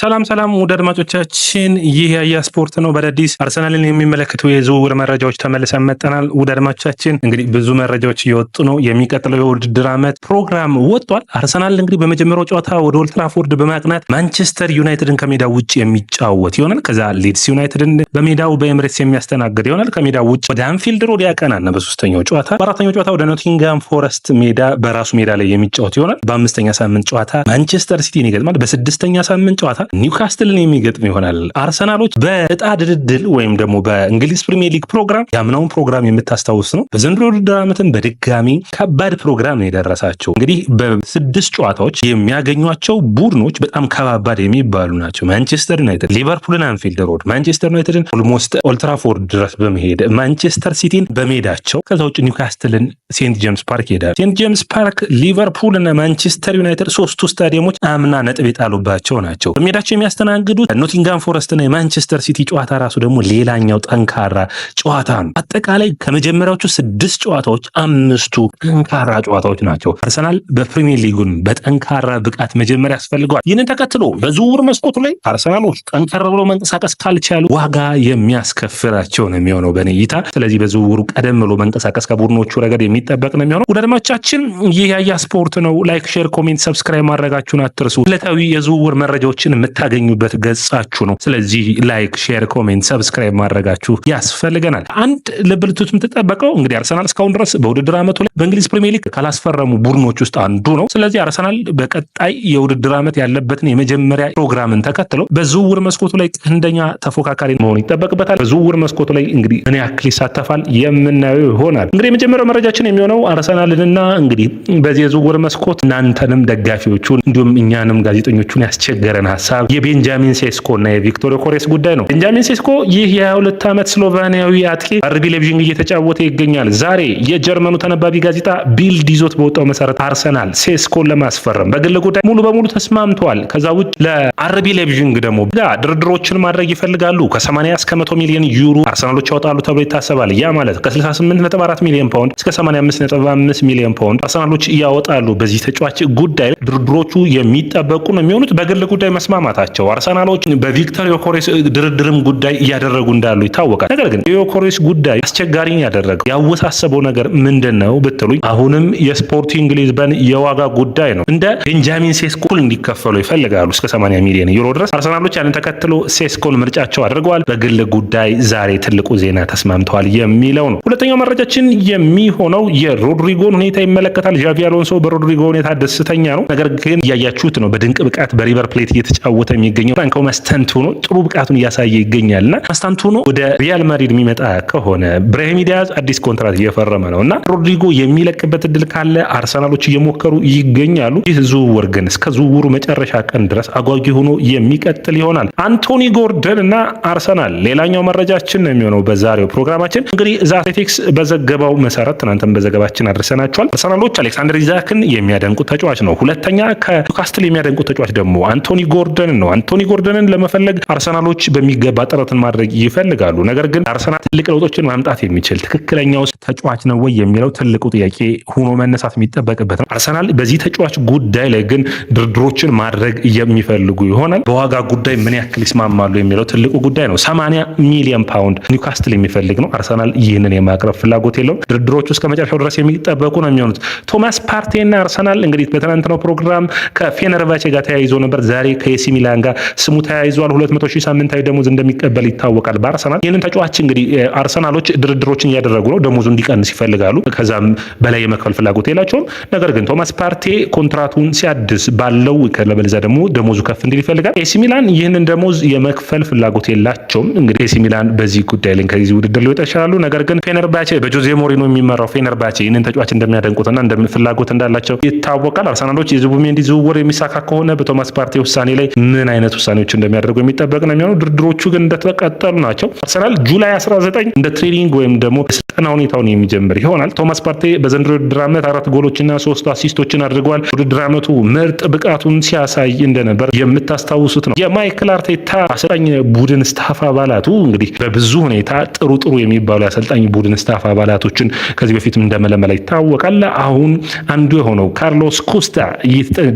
ሰላም ሰላም ውድ አድማጮቻችን፣ ይህ ያያ ስፖርት ነው። በአዳዲስ አርሰናልን የሚመለከቱ የዝውውር መረጃዎች ተመልሰን መጠናል። ውድ አድማጮቻችን፣ እንግዲህ ብዙ መረጃዎች እየወጡ ነው። የሚቀጥለው የውድድር ዓመት ፕሮግራም ወጥቷል። አርሰናል እንግዲህ በመጀመሪያው ጨዋታ ወደ ኦልትራፎርድ በማቅናት ማንቸስተር ዩናይትድን ከሜዳ ውጭ የሚጫወት ይሆናል። ከዛ ሊድስ ዩናይትድን በሜዳው በኤምሬትስ የሚያስተናግድ ይሆናል። ከሜዳ ውጭ ወደ አንፊልድ ሮድ ያቀናና በሶስተኛው ጨዋታ፣ በአራተኛው ጨዋታ ወደ ኖቲንጋም ፎረስት ሜዳ በራሱ ሜዳ ላይ የሚጫወት ይሆናል። በአምስተኛ ሳምንት ጨዋታ ማንቸስተር ሲቲን ይገጥማል። በስድስተኛ ሳምንት ጨዋታ ኒውካስትልን የሚገጥም ይሆናል። አርሰናሎች በእጣ ድልድል ወይም ደግሞ በእንግሊዝ ፕሪሚየር ሊግ ፕሮግራም ያምናውን ፕሮግራም የምታስታውስ ነው። በዘንድሮ ውድድር ዓመትን በድጋሚ ከባድ ፕሮግራም ነው የደረሳቸው። እንግዲህ በስድስት ጨዋታዎች የሚያገኟቸው ቡድኖች በጣም ከባባድ የሚባሉ ናቸው። ማንቸስተር ዩናይትድ፣ ሊቨርፑልን አንፊልድ ሮድ፣ ማንቸስተር ዩናይትድን ኦልሞስት ኦልትራፎርድ ድረስ በመሄድ ማንቸስተር ሲቲን በሜዳቸው ከዛ ውጭ ኒውካስትልን ሴንት ጄምስ ፓርክ ይሄዳል። ሴንት ጄምስ ፓርክ ሊቨርፑል እና ማንቸስተር ዩናይትድ ሶስቱ ስታዲየሞች አምና ነጥብ የጣሉባቸው ናቸው። በሜዳቸው የሚያስተናግዱት ኖቲንጋም ፎረስት እና የማንቸስተር ሲቲ ጨዋታ ራሱ ደግሞ ሌላኛው ጠንካራ ጨዋታ ነው። አጠቃላይ ከመጀመሪያዎቹ ስድስት ጨዋታዎች አምስቱ ጠንካራ ጨዋታዎች ናቸው። አርሰናል በፕሪሚየር ሊጉን በጠንካራ ብቃት መጀመሪያ ያስፈልገዋል። ይህንን ተከትሎ በዝውውር መስኮቱ ላይ አርሰናሎች ጠንካራ ብሎ መንቀሳቀስ ካልቻሉ ዋጋ የሚያስከፍላቸው ነው የሚሆነው በኔ እይታ። ስለዚህ በዝውውሩ ቀደም ብሎ መንቀሳቀስ ከቡድኖቹ ረገድ የሚ የሚጠበቅ ነው የሚሆነው። ውድ አድማጮቻችን ይህ ያያ ስፖርት ነው። ላይክ፣ ሼር፣ ኮሜንት፣ ሰብስክራይብ ማድረጋችሁን አትርሱ። ዕለታዊ የዝውውር መረጃዎችን የምታገኙበት ገጻችሁ ነው። ስለዚህ ላይክ፣ ሼር፣ ኮሜንት፣ ሰብስክራይብ ማድረጋችሁ ያስፈልገናል። አንድ ልብ ልትሉት የምትጠበቀው እንግዲህ አርሰናል እስካሁን ድረስ በውድድር ዓመቱ ላይ በእንግሊዝ ፕሪሚየር ሊግ ካላስፈረሙ ቡድኖች ውስጥ አንዱ ነው። ስለዚህ አርሰናል በቀጣይ የውድድር ዓመት ያለበትን የመጀመሪያ ፕሮግራምን ተከትሎ በዝውውር መስኮቱ ላይ ቀንደኛ ተፎካካሪ መሆኑ ይጠበቅበታል። በዝውውር መስኮቱ ላይ እንግዲህ ምን ያክል ይሳተፋል የምናየው ይሆናል። እንግዲህ የመጀመሪያው መረጃችን ግን የሚሆነው አርሰናልንና እንግዲህ በዚህ የዝውውር መስኮት እናንተንም ደጋፊዎቹን እንዲሁም እኛንም ጋዜጠኞቹን ያስቸገረን ሀሳብ የቤንጃሚን ሴስኮ እና የቪክቶር ኮሬስ ጉዳይ ነው። ቤንጃሚን ሴስኮ ይህ የ22 ዓመት ስሎቫኒያዊ አጥቂ አርቢ ሌቪዥንግ እየተጫወተ ይገኛል። ዛሬ የጀርመኑ ተነባቢ ጋዜጣ ቢልድ ይዞት በወጣው መሰረት አርሰናል ሴስኮን ለማስፈረም በግል ጉዳይ ሙሉ በሙሉ ተስማምተዋል። ከዛ ውጭ ለአርቢ ሌቪዥንግ ደግሞ ድርድሮችን ማድረግ ይፈልጋሉ። ከ80 እስከ 100 ሚሊዮን ዩሮ አርሰናሎች ያወጣሉ ተብሎ ይታሰባል። ያ ማለት ከ68.4 ሚሊዮን ፓውንድ እስከ 85.5 ሚሊዮን ፓውንድ አርሰናሎች ያወጣሉ። በዚህ ተጫዋች ጉዳይ ድርድሮቹ የሚጠበቁ ነው የሚሆኑት። በግል ጉዳይ መስማማታቸው አርሰናሎች በቪክተር ዮኮሬስ ድርድርም ጉዳይ እያደረጉ እንዳሉ ይታወቃል። ነገር ግን የዮኮሬስ ጉዳይ አስቸጋሪን ያደረገው ያወሳሰበው ነገር ምንድን ነው ብትሉኝ፣ አሁንም የስፖርቲንግ ሊዝበን የዋጋ ጉዳይ ነው። እንደ ቤንጃሚን ሴስኮ እንዲከፈሉ ይፈልጋሉ እስከ 80 ሚሊዮን ዩሮ ድረስ። አርሰናሎች ያንን ተከትሎ ሴስኮን ምርጫቸው አድርገዋል። በግል ጉዳይ ዛሬ ትልቁ ዜና ተስማምተዋል የሚለው ነው። ሁለተኛው መረጃችን የሚሆነው የሮድሪጎን ሁኔታ ይመለከታል። ዣቪ አሎንሶ በሮድሪጎ ሁኔታ ደስተኛ ነው። ነገር ግን እያያችሁት ነው፣ በድንቅ ብቃት በሪቨር ፕሌት እየተጫወተ የሚገኘው ፍራንኮ ማስተንቱኖ ጥሩ ብቃቱን እያሳየ ይገኛል እና ማስተንቱኖ ወደ ሪያል ማድሪድ የሚመጣ ከሆነ ብራሂም ዲያዝ አዲስ ኮንትራት እየፈረመ ነው እና ሮድሪጎ የሚለቅበት እድል ካለ አርሰናሎች እየሞከሩ ይገኛሉ። ይህ ዝውውር ግን እስከ ዝውውሩ መጨረሻ ቀን ድረስ አጓጊ ሆኖ የሚቀጥል ይሆናል። አንቶኒ ጎርደን እና አርሰናል ሌላኛው መረጃችን ነው የሚሆነው በዛሬው ፕሮግራማችን እንግዲህ ዘ አትሌቲክስ በዘገባው መሰረት ትናንትን በዘገባችን አድርሰናቸዋል። አርሰናሎች አሌክሳንደር ኢዛክን የሚያደንቁት ተጫዋች ነው። ሁለተኛ ከኒውካስትል የሚያደንቁ ተጫዋች ደግሞ አንቶኒ ጎርደን ነው። አንቶኒ ጎርደንን ለመፈለግ አርሰናሎች በሚገባ ጥረትን ማድረግ ይፈልጋሉ። ነገር ግን አርሰናል ትልቅ ለውጦችን ማምጣት የሚችል ትክክለኛው ተጫዋች ነው ወይ የሚለው ትልቁ ጥያቄ ሆኖ መነሳት የሚጠበቅበት ነው። አርሰናል በዚህ ተጫዋች ጉዳይ ላይ ግን ድርድሮችን ማድረግ የሚፈልጉ ይሆናል። በዋጋ ጉዳይ ምን ያክል ይስማማሉ የሚለው ትልቁ ጉዳይ ነው። ሰማንያ ሚሊዮን ፓውንድ ኒውካስትል የሚፈልግ ነው። አርሰናል ይህንን የማቅረብ ፍላጎት የለውም። ድርድሮች ውስጥ መጨረሻ እስከመጨረሻው ድረስ የሚጠበቁ ነው የሚሆኑት። ቶማስ ፓርቴና አርሰናል እንግዲህ በትናንትናው ፕሮግራም ከፌነርቫቼ ጋር ተያይዞ ነበር። ዛሬ ከኤሲ ሚላን ጋር ስሙ ተያይዟል። ሁለት መቶ ሺህ ሳምንታዊ ደሞዝ እንደሚቀበል ይታወቃል በአርሰናል ይህንን ተጫዋች እንግዲህ አርሰናሎች ድርድሮችን እያደረጉ ነው። ደሞዙ እንዲቀንስ ይፈልጋሉ። ከዛም በላይ የመክፈል ፍላጎት የላቸውም። ነገር ግን ቶማስ ፓርቴ ኮንትራቱን ሲያድስ ባለው ለበለዚያ ደግሞ ደሞዙ ከፍ እንዲል ይፈልጋል። ኤሲ ሚላን ይህንን ደሞዝ የመክፈል ፍላጎት የላቸውም። እንግዲህ ኤሲ ሚላን በዚህ ጉዳይ ላይ ከዚህ ውድድር ሊወጣ ይችላሉ። ነገር ግን ፌነርባቼ በጆዜ ሞሪኖ የሚመራው ፌነርባቼ ይህንን ተጫዋች እንደሚያደንቁትና ፍላጎት እንዳላቸው ይታወቃል። አርሰናሎች የዙቢሜንዲ ዝውውር የሚሳካ ከሆነ በቶማስ ፓርቲ ውሳኔ ላይ ምን አይነት ውሳኔዎች እንደሚያደርጉ የሚጠበቅ ነው የሚሆነው። ድርድሮቹ ግን እንደተቀጠሉ ናቸው። አርሰናል ጁላይ 19 እንደ ትሬኒንግ ወይም ደግሞ እና ሁኔታውን የሚጀምር ይሆናል። ቶማስ ፓርቴ በዘንድሮ ውድድር ዓመት አራት ጎሎችና ሶስት አሲስቶችን አድርጓል። ውድድር ዓመቱ ምርጥ ብቃቱን ሲያሳይ እንደነበር የምታስታውሱት ነው። የማይክል አርቴታ አሰልጣኝ ቡድን ስታፍ አባላቱ እንግዲህ በብዙ ሁኔታ ጥሩ ጥሩ የሚባሉ የአሰልጣኝ ቡድን ስታፍ አባላቶችን ከዚህ በፊትም እንደመለመለ ይታወቃል። አሁን አንዱ የሆነው ካርሎስ ኮስታ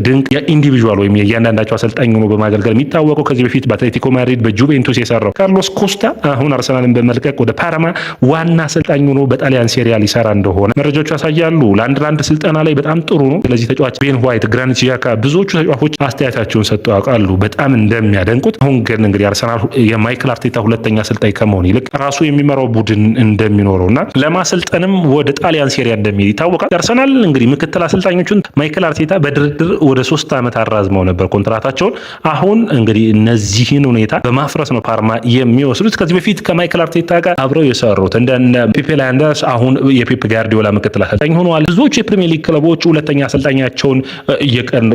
ድንቅ የኢንዲቪዥዋል ወይም የእያንዳንዳቸው አሰልጣኝ ሆኖ በማገልገል የሚታወቀው ከዚህ በፊት በአትሌቲኮ ማድሪድ በጁቬንቱስ የሰራው ካርሎስ ኮስታ አሁን አርሰናልን በመልቀቅ ወደ ፓርማ ዋና አሰልጣኝ ሆኖ በጣሊያን ሴሪያ ሊሰራ እንደሆነ መረጃዎቹ ያሳያሉ። ለአንድ ለአንድ ስልጠና ላይ በጣም ጥሩ ነው። ስለዚህ ተጫዋች ቤን ዋይት፣ ግራኒት ዣካ ብዙዎቹ ተጫዋቾች አስተያየታቸውን ሰጥተው ያውቃሉ በጣም እንደሚያደንቁት። አሁን ግን እንግዲህ አርሰናል የማይክል አርቴታ ሁለተኛ አሰልጣኝ ከመሆን ይልቅ ራሱ የሚመራው ቡድን እንደሚኖረው እና ለማሰልጠንም ወደ ጣሊያን ሴሪያ እንደሚሄድ ይታወቃል። አርሰናል እንግዲህ ምክትል አሰልጣኞቹን ማይክል አርቴታ በድርድር ወደ ሶስት ዓመት አራዝመው ነበር ኮንትራታቸውን። አሁን እንግዲህ እነዚህን ሁኔታ በማፍረስ ነው ፓርማ የሚወስዱት። ከዚህ በፊት ከማይክል አርቴታ ጋር አብረው የሰሩት እንደ ፔፔ ሄርናንደስ አሁን የፔፕ ጋርዲዮላ ምክትል አሰልጣኝ ሆነዋል። ብዙዎች የፕሪሚየር ሊግ ክለቦች ሁለተኛ አሰልጣኛቸውን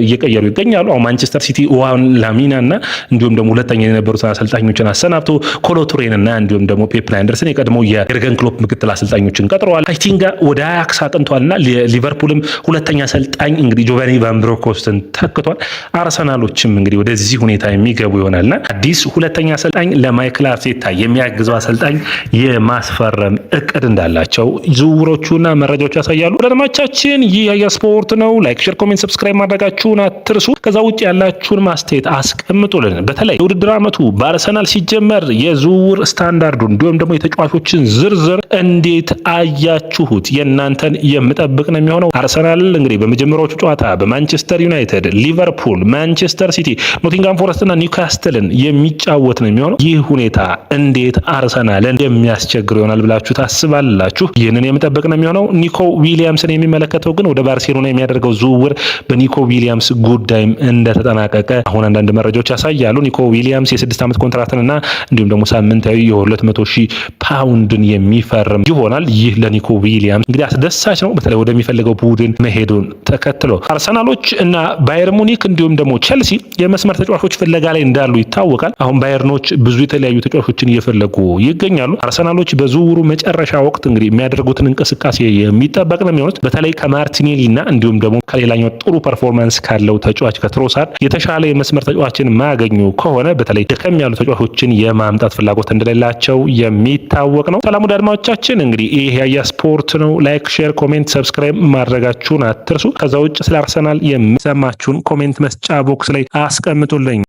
እየቀየሩ ይገኛሉ። አሁን ማንቸስተር ሲቲ ዋን ላሚና እና እንዲሁም ደግሞ ሁለተኛ የነበሩትን አሰልጣኞችን አሰናብቶ ኮሎቱሬን እና እንዲሁም ደግሞ ፔፕ ላንደርስን የቀድሞ የኤርገን ክሎፕ ምክትል አሰልጣኞችን ቀጥረዋል። አይቲንጋ ወደ አያክስ አቅንቷል እና ሊቨርፑልም ሁለተኛ አሰልጣኝ እንግዲህ ጆቫኒ ቫን ብሮንክሆርስትን ተክቷል። አርሰናሎችም እንግዲህ ወደዚህ ሁኔታ የሚገቡ ይሆናልና አዲስ ሁለተኛ አሰልጣኝ ለማይክል አርቴታ የሚያግዘው አሰልጣኝ የማስፈረም እቅድ እንዳላቸው ዝውውሮቹና መረጃዎቹ ያሳያሉ። ለድማቻችን ይህ የአያ ስፖርት ነው። ላይክ፣ ሼር፣ ኮሜንት ሰብስክራይብ ማድረጋችሁን አትርሱ። ከዛ ውጭ ያላችሁን ማስተያየት አስቀምጡልን። በተለይ የውድድር ዓመቱ በአርሰናል ሲጀመር የዝውውር ስታንዳርዱን እንዲሁም ደግሞ የተጫዋቾችን ዝርዝር እንዴት አያችሁት? የእናንተን የምጠብቅ ነው የሚሆነው። አርሰናል እንግዲህ በመጀመሪያዎቹ ጨዋታ በማንቸስተር ዩናይትድ፣ ሊቨርፑል፣ ማንቸስተር ሲቲ፣ ኖቲንጋም ፎረስትና ኒውካስትልን የሚጫወት ነው የሚሆነው። ይህ ሁኔታ እንዴት አርሰናልን የሚያስቸግር ይሆናል ብላችሁ ታስባል? ትችላላችሁ። ይህንን የመጠበቅ ነው የሚሆነው። ኒኮ ዊሊያምስን የሚመለከተው ግን ወደ ባርሴሎና የሚያደርገው ዝውውር በኒኮ ዊሊያምስ ጉዳይም እንደተጠናቀቀ አሁን አንዳንድ መረጃዎች ያሳያሉ። ኒኮ ዊሊያምስ የስድስት ዓመት ኮንትራክትን እና እንዲሁም ደግሞ ሳምንታዊ የሁለት መቶ ሺህ ፓውንድን የሚፈርም ይሆናል። ይህ ለኒኮ ዊሊያምስ እንግዲህ አስደሳች ነው፣ በተለይ ወደሚፈልገው ቡድን መሄዱን ተከትሎ። አርሰናሎች እና ባየር ሙኒክ እንዲሁም ደግሞ ቸልሲ የመስመር ተጫዋቾች ፍለጋ ላይ እንዳሉ ይታወቃል። አሁን ባየርኖች ብዙ የተለያዩ ተጫዋቾችን እየፈለጉ ይገኛሉ። አርሰናሎች በዝውውሩ መጨረሻ ወቅት እንግዲህ የሚያደርጉትን እንቅስቃሴ የሚጠበቅ ነው የሚሆኑት። በተለይ ከማርቲኔሊ እና እንዲሁም ደግሞ ከሌላኛው ጥሩ ፐርፎርማንስ ካለው ተጫዋች ከትሮሳርድ የተሻለ የመስመር ተጫዋችን ማያገኙ ከሆነ በተለይ ደከም ያሉ ተጫዋቾችን የማምጣት ፍላጎት እንደሌላቸው የሚታወቅ ነው። ሰላም ወደ አድማጮቻችን እንግዲህ ይህ ያያ ስፖርት ነው። ላይክ፣ ሼር፣ ኮሜንት፣ ሰብስክራይብ ማድረጋችሁን አትርሱ። ከዛ ውጭ ስለ አርሰናል የሚሰማችሁን ኮሜንት መስጫ ቦክስ ላይ አስቀምጡልኝ።